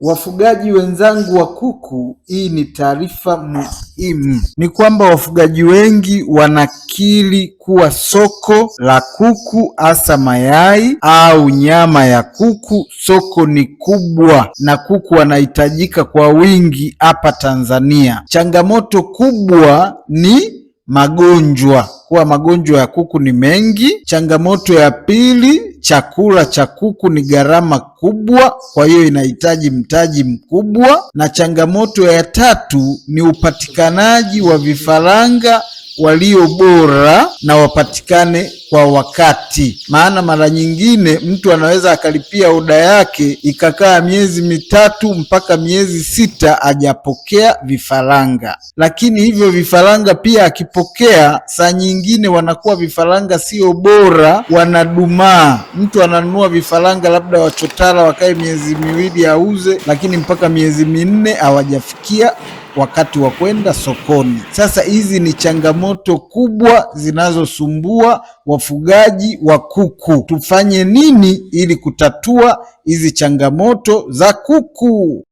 Wafugaji wenzangu wa kuku, hii ni taarifa muhimu, ni kwamba wafugaji wengi wanakiri kuwa soko la kuku, hasa mayai au nyama ya kuku, soko ni kubwa na kuku wanahitajika kwa wingi hapa Tanzania. Changamoto kubwa ni magonjwa, kuwa magonjwa ya kuku ni mengi. Changamoto ya pili chakula cha kuku ni gharama kubwa, kwa hiyo inahitaji mtaji mkubwa. Na changamoto ya tatu ni upatikanaji wa vifaranga walio bora na wapatikane kwa wakati, maana mara nyingine mtu anaweza akalipia oda yake ikakaa miezi mitatu mpaka miezi sita ajapokea vifaranga. Lakini hivyo vifaranga pia akipokea, saa nyingine wanakuwa vifaranga sio bora, wanadumaa. Mtu ananunua vifaranga labda wachotara wakae miezi miwili auze, lakini mpaka miezi minne hawajafikia wakati wa kwenda sokoni. Sasa hizi ni changamoto kubwa zinazosumbua wafugaji wa kuku. Tufanye nini ili kutatua hizi changamoto za kuku?